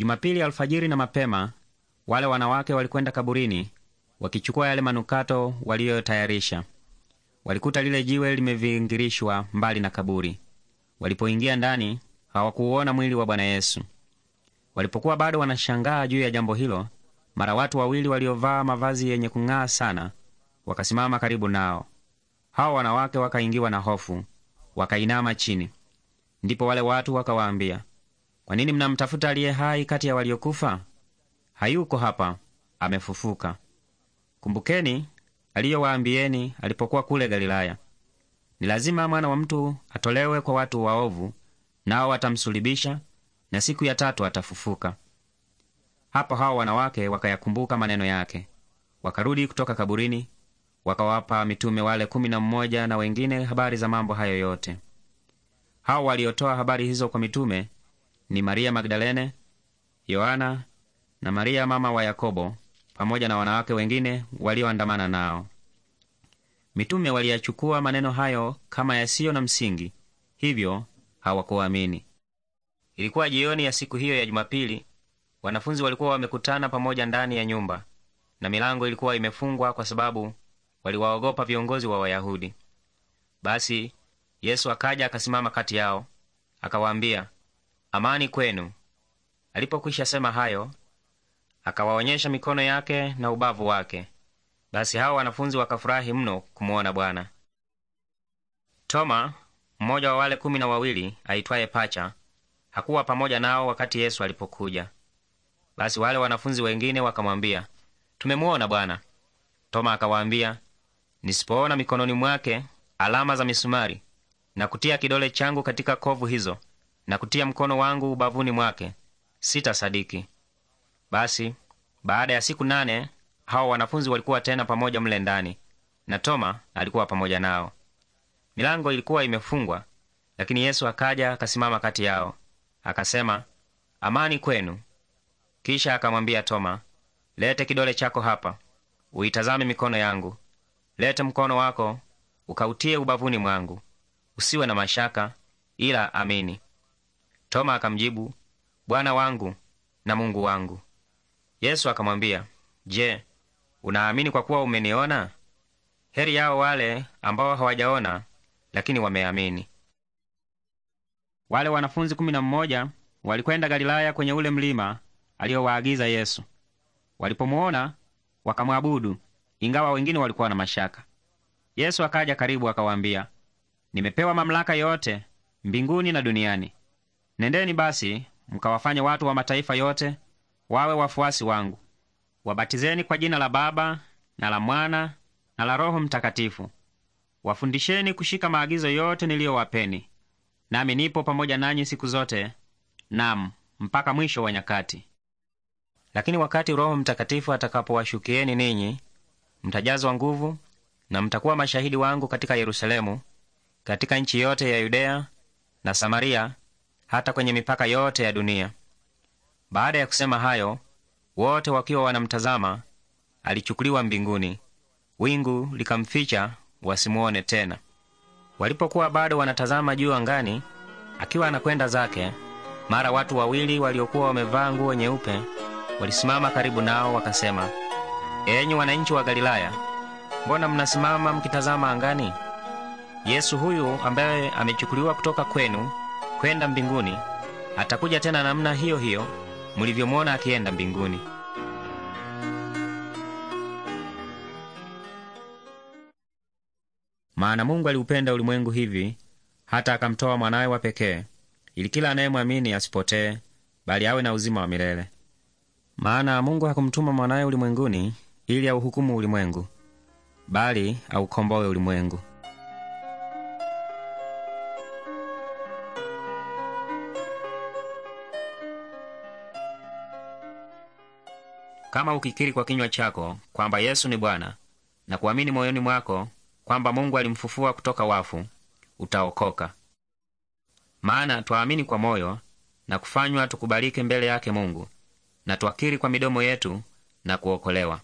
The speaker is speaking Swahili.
Jumapili alfajiri na mapema wale wanawake walikwenda kaburini wakichukua yale manukato waliyotayarisha. Walikuta lile jiwe limevingirishwa mbali na kaburi. Walipoingia ndani, hawakuuona mwili wa Bwana Yesu. Walipokuwa bado wanashangaa juu ya jambo hilo, mara watu wawili waliovaa mavazi yenye kung'aa sana wakasimama karibu nao. Hawa wanawake wakaingiwa na hofu, wakainama chini. Ndipo wale watu wakawaambia, kwa nini mnamtafuta aliye hai kati ya waliokufa? Hayuko hapa, amefufuka. Kumbukeni aliyowaambieni alipokuwa kule Galilaya. Ni lazima mwana wa mtu atolewe kwa watu waovu, nao watamsulibisha na siku ya tatu atafufuka. Hapo hao wanawake wakayakumbuka maneno yake, wakarudi kutoka kaburini, wakawapa mitume wale kumi na mmoja na wengine habari za mambo hayo yote. Hao waliotoa habari hizo kwa mitume ni Maria Magdalene, Yohana na Maria mama wa Yakobo, pamoja na wanawake wengine walioandamana nao. Mitume waliyachukua maneno hayo kama yasiyo na msingi, hivyo hawakuamini. Ilikuwa jioni ya siku hiyo ya Jumapili. Wanafunzi walikuwa wamekutana pamoja ndani ya nyumba, na milango ilikuwa imefungwa kwa sababu waliwaogopa viongozi wa Wayahudi. Basi Yesu akaja akasimama kati yao, akawaambia, amani kwenu. Alipokwisha sema hayo, akawaonyesha mikono yake na ubavu wake. Basi hawo wanafunzi wakafurahi mno kumwona Bwana. Toma, mmoja wa wale kumi na wawili, aitwaye Pacha, hakuwa pamoja nao wakati Yesu alipokuja. Basi wale wanafunzi wengine wakamwambia, tumemuona Bwana. Toma akawaambia, nisipoona mikononi mwake alama za misumari na kutia kidole changu katika kovu hizo na kutia mkono wangu ubavuni mwake, sitasadiki. Basi baada ya siku nane hawa wanafunzi walikuwa tena pamoja mle ndani, na Toma alikuwa pamoja nao. Milango ilikuwa imefungwa, lakini Yesu akaja akasimama kati yao, akasema, amani kwenu. Kisha akamwambia Toma, lete kidole chako hapa, uitazame mikono yangu, lete mkono wako ukautie ubavuni mwangu, usiwe na mashaka, ila amini. Toma akamjibu, Bwana wangu na Mungu wangu. Yesu akamwambia, Je, unaamini kwa kuwa umeniona? Heri yao wale ambao hawajaona lakini wameamini. Wale wanafunzi kumi na mmoja walikwenda Galilaya kwenye ule mlima aliyowaagiza Yesu. Walipomuona wakamwabudu, ingawa wengine walikuwa na mashaka. Yesu akaja karibu, akawaambia, nimepewa mamlaka yote mbinguni na duniani. Nendeni basi mkawafanye watu wa mataifa yote wawe wafuasi wangu, wabatizeni kwa jina la Baba na la Mwana na la Roho Mtakatifu, wafundisheni kushika maagizo yote niliyowapeni, nami nipo pamoja nanyi siku zote, nam mpaka mwisho wa nyakati. Lakini wakati Roho Mtakatifu atakapowashukieni ninyi, mtajazwa nguvu na mtakuwa mashahidi wangu katika Yerusalemu, katika nchi yote ya Yudeya na Samaria hata kwenye mipaka yote ya dunia. Baada ya kusema hayo, wote wakiwa wanamtazama, alichukuliwa mbinguni, wingu likamficha wasimuone tena. Walipokuwa bado wanatazama juu angani, akiwa anakwenda zake, mara watu wawili waliokuwa wamevaa nguo nyeupe walisimama karibu nao, wakasema, enyi wananchi wa Galilaya, mbona mnasimama mkitazama angani? Yesu huyu ambaye amechukuliwa kutoka kwenu kwenda mbinguni, atakuja tena namna hiyo hiyo mulivyomwona akienda mbinguni. Maana Mungu aliupenda ulimwengu hivi hata akamtoa mwanawe wa pekee, ili kila anayemwamini asipotee, bali awe na uzima wa milele. Maana Mungu hakumtuma mwanawe ulimwenguni ili auhukumu ulimwengu, bali aukomboe ulimwengu Kama ukikiri kwa kinywa chako kwamba Yesu ni Bwana na kuamini moyoni mwako kwamba Mungu alimfufua kutoka wafu, utaokoka. Maana twaamini kwa moyo na kufanywa tukubalike mbele yake Mungu, na twakiri kwa midomo yetu na kuokolewa.